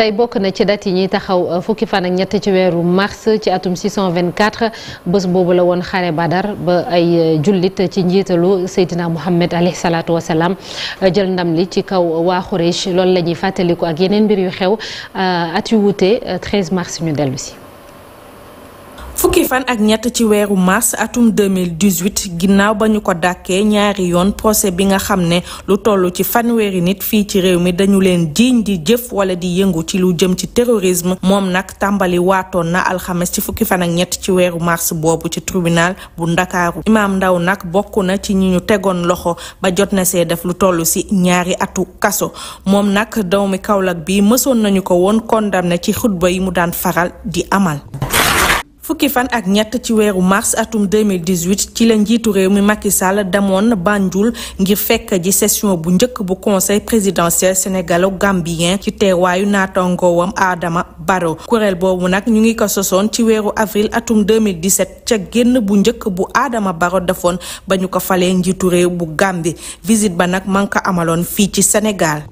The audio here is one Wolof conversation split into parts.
tey bokk na ci dat yi ñuy taxaw euh, fukki fan ak ñett ci weeru mars ci atum 624 bés boobu la woon xare Badar ba ay euh, jullit ci njiitalu Seydina Muhammad alayhi salaatu wa euh, jël ndam li ci kaw waa Xuraysh loolu la ñuy fàttaliku ak yeneen mbir yu xew at yu wuute 13 mars ñu dellu si. fukki fan ak ñett ci weeru mars atum 2018 ginnaaw ba ñu ko dàkkee ñaari yoon procès bi nga xam ne lu toll ci fanweeri nit fii ci réew mi dañu leen jiiñ di jëf wala di yëngu ci lu jëm ci terrorisme moom nag tàmbali waatoon na alxames ci fukki fan ak ñett ci weeru mars boobu ci tribunal bu ndakaaru imaam ndaw nag bokk na ci ñi ñu tegoon loxo ba jot na see def lu toll si ñaari atu kaso moom nag doomi Kaolack bi mësoon nañu ko woon condamné ci xutba yi mu daan faral di amal fukki fan ak ñett ci weeru mars atum 2018 ci la njiitu réew mi Macky Sall damoon Banjul ngir fekk ji session bu njëkk bu conseil présidentiel sénégalo-gambien ci teewaayu naataangoowam aadama Barrow kuréel boobu nag ñu ngi ko sosoon ci weeru avril atum 2017 ca génn bu njëkk bu aadama Barrow defoon ba ñu ko falee njiitu réew bu Gambie visite ba nag man ko amaloon fii ci Sénégal.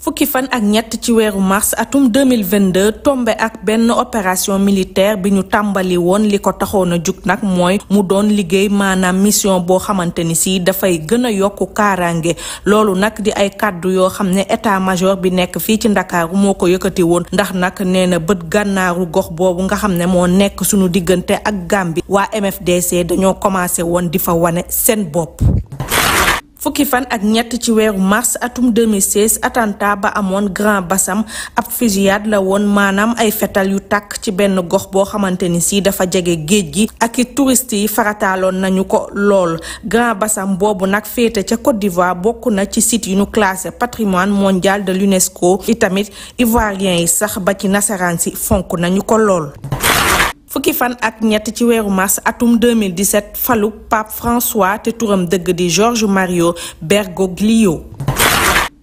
fukki fan ak ñett ci weeru mars atum 2022 tombé ak benn opération militaire bi ñu tàmbali woon li ko taxoon a jug nag mooy mu doon liggéey maanaam mission boo xamante ni si dafay gën a yokku kaaraange loolu nag di ay kàddu yoo xam ne état major bi nekk fii ci ndakaaru moo ko yëkkati woon ndax nag nee na bët gànnaaru gox boobu nga xam ne moo nekk suñu diggante ak Gàmbi waa MFDC dañoo commencé woon di fa wane seen bopp fukki fan ak ñett ci weeru mars atum 2016 attentat ba amoon Grand Bassam ab fusillade la woon maanaam ay fetal yu tàkk ci benn gox boo xamante ni si dafa jege géej gi ak i touriste yi farataaloon nañu ko lool Grand Bassam boobu nag féete ca Côte d'Ivoire bokk na ci site yu ñu classé patrimoine mondial de l'UNESCO itamit ivoirien yi sax ba ci nasaraan si fonk nañu ko lool fukki fan ak ñett ci weeru mars atum 2017 falu pape François te turam dëgg di George Mario Bergoglio.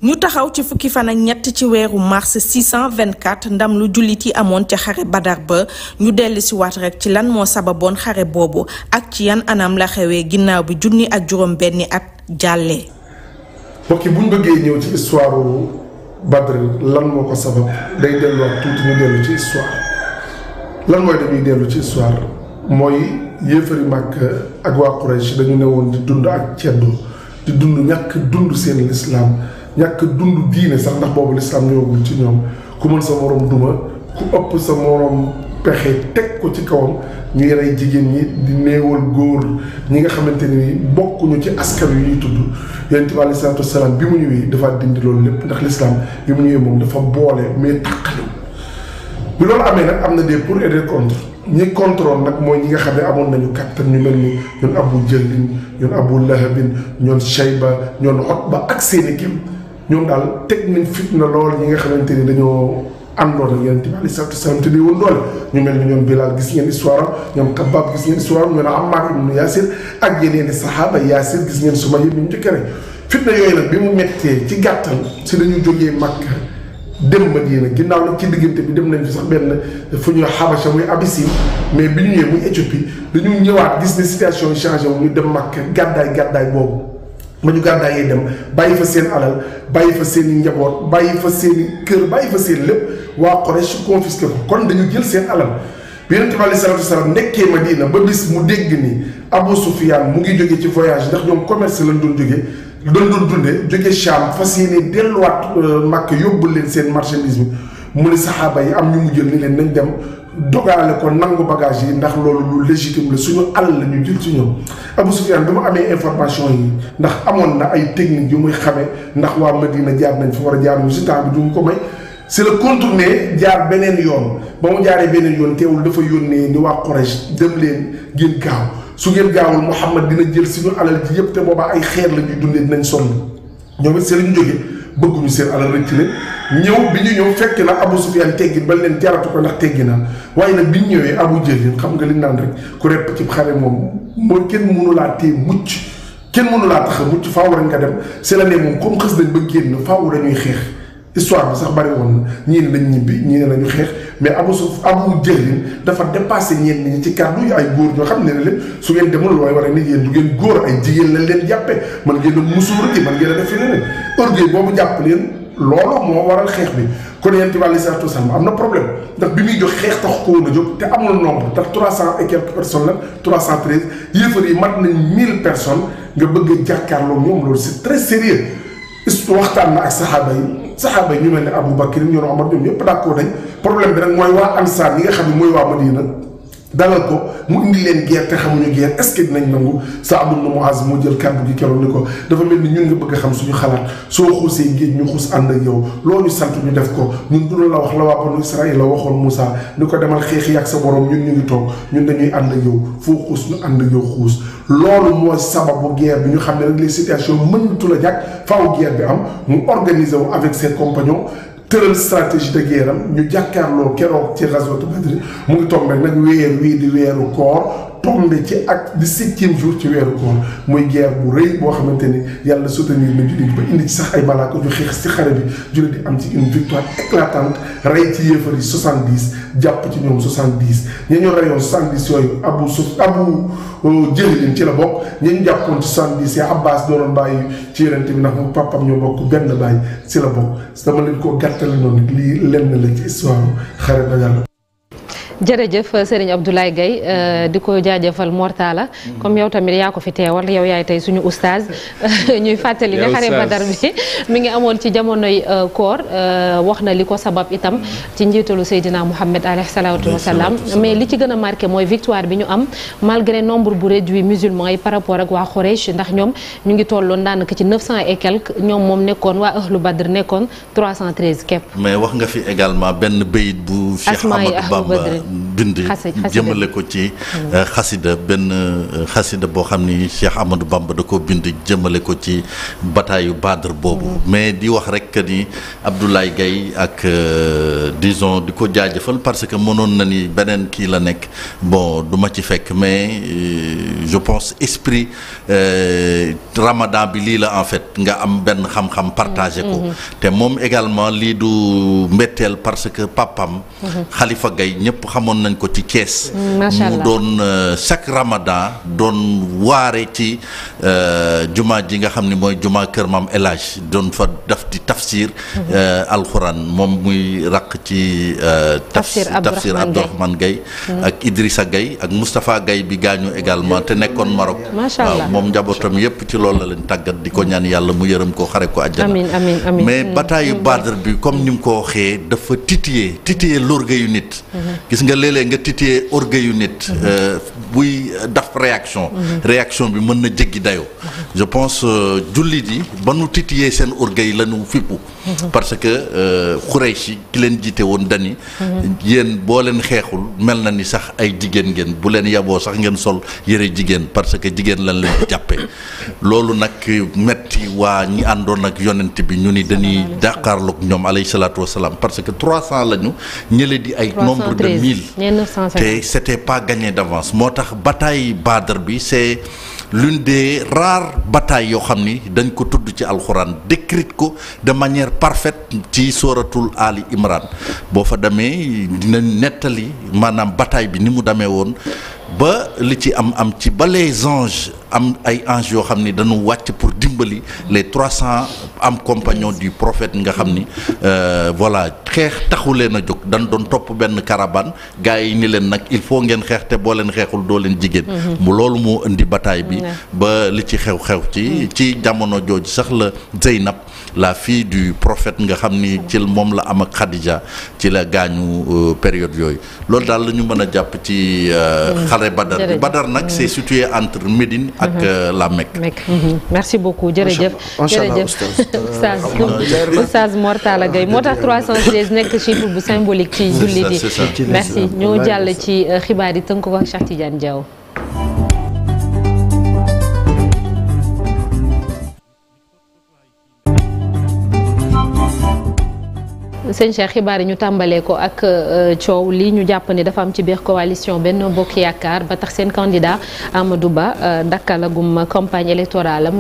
ñu taxaw ci fukki fan ak ñett ci weeru mars 624 ndam lu jullit yi amoon ca xare badar ba ñu dellu si waat rek ci lan moo sababoon xare boobu ak ci yan anam la xewee ginnaaw bi junni ak juróom benni at jàllee. mbokk bu ñu bëggee ñëw ci histoire Badr lan moo ko sabab day delluwaat tuuti ñu dellu ci histoire. lan mooy dañuy dellu ci histoire mooy yéefari Màkka ak waa Quraysh dañu ne woon di dund ak ceddo di dund ñàkk dund seen lislaam ñàkk dund diine sax ndax boobu lislaam ñëwagul ci ñoom ku mën sa moroom duma ku ëpp sa moroom pexe teg ko ci kawam ñuy rey jigéen ñi di néewal góor ñi nga xamante ni bokkuñu ci askan wi ñuy tudd yonent bi aleyhi salaatu wa bi mu ñëwee dafa dindi loolu lépp ndax lislaam bi mu ñëwee moom dafa boole mais taqali bi loolu amee nag am na des pour et des contre ñi contrôle nag mooy ñi nga xam ne amoon nañu kàttan ñu mel ni ñoon abu jëlin ñoon abu lahabin ñoon shayba ñoon xotba ak seeni kim ñoom daal teg nañ fitna lool ñi nga xamante ni dañoo àndoon ak yeneen bi aleyhi salaatu wasalaam te di woon doole ñu mel ni ñoom Bilal gis ngeen histoire am ñoom Kabab gis ngeen am ñoom Ammar ibnu Yaasir ak yeneen i saxaaba Yaasir gis ngeen suma yëpp ñu njëkk rek fitna yooyu nag bi mu mettee ci gàttal si dañu jógee Makka dem Madina ginnaaw nag ci diggante bi dem nañ fi sax benn fu ñuy wax Xabasa muy Abyssinie mais bi ñu ñëwee muy Éthiopie dañu ñëwaat gis ne situation yi changé wu ñu dem Makka gàddaay gàddaay boobu ma ñu gàddaay yee dem bàyyi fa seen alal bàyyi fa seen i njaboot bàyyi fa seen i kër bàyyi fa seen lépp waa Quraysh confisqué ko kon dañu jël seen alal bi Yonent bi aleyhi salaatu wa salaam nekkee ba bis mu dégg ni Abu Sufyaan mu ngi jóge ci voyage ndax ñoom commerce lañ doon jógee lu doon doon dundee jóge Cham fas yéene delluwaat euh, Makka yóbbu leen seen marchandise bi mu ne saxaaba yi am ñu mu jël ni leen nañ dem dogaale ko nangu bagage yi ndax loolu lu légitime la suñu ñu la ñu jël ci ñoom Abu Sufyaan bi mu amee information yi ndax amoon na ay technique yu muy xamee ndax waa Madina jaar nañ fi war a jaar mu si temps bi du ko may si la contourné jaar beneen yoon ba mu jaaree beneen yoon teewul dafa yónnee ni waa Quraysh dem leen ngeen su ngeen gaawul Mouhamad dina jël suñu alal ji yëpp te boobaa ay xeer la ñuy dundee dinañ sonn ñoom seen ñu jógee bëgguñu seen alal rëcc leen ñëw bi ñu ñëw fekk na Abu Sufyaan teggi ba leen jaratu ko ndax teggi naan waaye nag bi ñu ñëwee Abu Jahl xam nga li naan rek ku repp ci xare moom mooy kenn mënu laa tee mucc kenn mënu laa tax a mucc faaw rek nga dem c'est la ne moom comme xës dañ ba génn faaw dañuy xeex histoire bi sax bari woon na ñii ne nañ ñibbi ñii ne nañu xeex mais abu suuf abu jëlin dafa dépassé ñenn ñi ci kàddu yi ay góor ñoo xam ne ne leen su ngeen demul looy war a ni yéen ngeen góor ay jigéen lañ leen jàppe man ngeen a musuur gi man ngeen a def leneen orgueil boobu jàpp leen looloo moo waral xeex bi ko yonent bi aleyhi salaatu wa salaam am na problème ndax bi muy jox xeex tax ko woon a jóg te amul nombre ndax trois cent et quelques personnes la trois cent treize yéefar yi mat nañ mille personnes nga bëgg a jàkkaarloo ñoom loolu c'est très sérieux waxtaan na ak saxaaba yi saxaaba yi ñu mel ne Abu Bakr ñoom Omar ñoom ñëpp d'accord nañ problème bi nag mooy waa Ansar ñi nga xam ne mooy waa Madina dalal ko mu indi leen guerre te xamuñu guerre est-ce que dinañ nangu na ibn Muaz moo jël kàddu gi keroog ni ko dafa mel ni ñu nga bëgg a xam suñu xalaat soo xuusee géej ñu xuus ànd ak yow loolu ñu sant ñu def ko ñun du la wax la waa banu Israël la waxoon Moussa ni ko demal xeex yàgg sa boroom ñu ñu ngi toog ñun ñuy ànd ak yow foo xuus ñu ànd ak yow xuus loolu mooy sababu guerre bi ñu xam ne rek les situations mënatu la jàkk faaw guerre bi am mu organiser wu avec ses compagnons tëral stratégie de guerre am ñu jàkkaarloo keroog ci rasotu Badri mu ngi tombé nag weer wii di weeru koor tombé ci ak di septième jour ci weeru koor muy guerre bu rëy boo xamante ni yàlla soutenir na jullit ba indi ci sax ay malaaka ñu xeex si xare bi jullit di am ci une victoire éclatante rey ci yéefar yi soixante dix jàpp ci ñoom soixante dix ña ñu reyoon soixante dix yooyu abu su abu euh, jëlin ci la bokk ña ñu jàppoon ci soixante dix ya abbas doonoon bàyyi ci yonente bi ndax mu papam ñoo bokk benn bàyyi si la bokk dama leen koo gàttale noonu lii lenn la ci histoire xare jërëjëf Serigne Abdoulaye Gaye euh, mm-hmm. di ko jaajëfal Mortala mm-hmm. comme yow tamit yaa ko fi teewal yow yaay tey suñu oustaz ñuy fàttali ne xare badar bi mi ngi amoon ci jamonoy euh, koor euh, wax na li ko sabab itam mm-hmm. ci njiitalu Seydina Mouhamed alayhi salaatu wasalaam mais li ci gën a marqué mooy victoire bi ñu am malgré nombre bu réduit musulmans yi par rapport ak waa Quraysh ndax ñoom ñu ngi tolloon daanaka ci 900 et quelque ñoom moom nekkoon waa ahlu badr nekkoon 313 képp mais wax nga fi également bu Cheikh Ahmadou bind jëmale ko ci mm. euh, xasida benn euh, xasida boo xam ni Cheikh Amadou Bamba da ko bind jëmale ko ci bataayu Badr boobu mm. mais di wax rek ni Abdoulaye gay ak euh, dison di ko jaajëfal parce que mënoon na ni beneen kii la nekk bon duma ci fekk mais je pense esprit ramadan bi lii la en fait nga am benn xam-xam partagé ko mm-hmm. te moom également lii du mbetteel parce que papam mm-hmm. Khalifa Gaye ñëpp xamoon nañ ko ci kees mm, mu doon euh, chaque ramadan doon waare ci euh, juma ji nga xam ni mooy jumaa kër maam El Hadj doon fa daf di tafsir. Mhm. Euh, alxuraan moom muy raq ci. tafsir Abdourahmane mhm. Gaye ak Idrissa gay ak Moustapha gay bi gaañu également te nekkoon Maroc. waaw moom njabootam yépp ci loolu la leen tàggat di ko mhm. ñaan yàlla mu yërëm ko xare ko àjjana. mais mm, bataayu Badr bi comme nim ko waxee dafa titiyee titiyee lorga yu nit. nga léeg nga titiyee orgueil yu nit. Mhm. Euh, buy daf réaction. Mhm. réaction bi mën na jéggi dayoo. Mhm. je pense euh, jullit yi ba nu titiyee seen orgueil la nu fippu. parce que euh, Quraysh yi ki leen jiite woon dani yéen boo leen xeexul mel na ni sax ay jigéen ngeen bu leen yaboo sax ngeen sol yëre jigéen parce que jigéen lan leen jàppee. loolu nag metti waa ñi àndoon ak yonent bi ñu ni dañuy jàkkaarloog ñoom alayhi salaatu wasalaam parce que 300 lañu ñële di ay nombre de mille te c'était pas gagné d'avance moo tax bataille baadar bi c'est l'une des rares bataay yoo xam ni dañ ko tudd ci alxuraan décrite ko de manière parfaite ci sooratul Ali Imran boo fa demee dina nettali maanaam bataille bi ni mu demee woon ba li ci am am ci ba les anges am ay anges yoo xam ni dañu wàcc pour dimbali les trois cents am compagnons du profet nga xam ni euh, voilà xeex taxu leen a jóg dan doon topp benn caravane gars yi ni leen nag il faut ngeen xeex te boo leen xeexul doo leen jigéen. Mhm. loolu moo indi bataille bi. ba li ci xew xew ci mhm. ci jamono jooju sax la Zeynab. la fille du prophète nga xam ni ci moom la am ak Khadija ci la gaañu euh, période yooyu loolu daal la ñu mën a jàpp ci euh, mm. xare Badar bi Badar nag mm. c'est situé entre Médine ak mm-hmm. euh, la Mecque. Mm-hmm. merci beaucoup jërëjëf. jërëjëf Oustaz Oustaz Mor Talla Gueye ah, moo tax 316 nekk chiffre bu symbolique ci julli bi merci ñu jàll ci xibaar yi tënk ko ak Cheikh Tidiane Diaw sëñ Cheikh xibaar yi ñu tàmbalee ko ak euh, coow lii ñu jàpp ni dafa am ci biir coalition benn Bokk Yaakaar ba tax seen candidat amadu Ba euh, dakkalagum campagne électorale am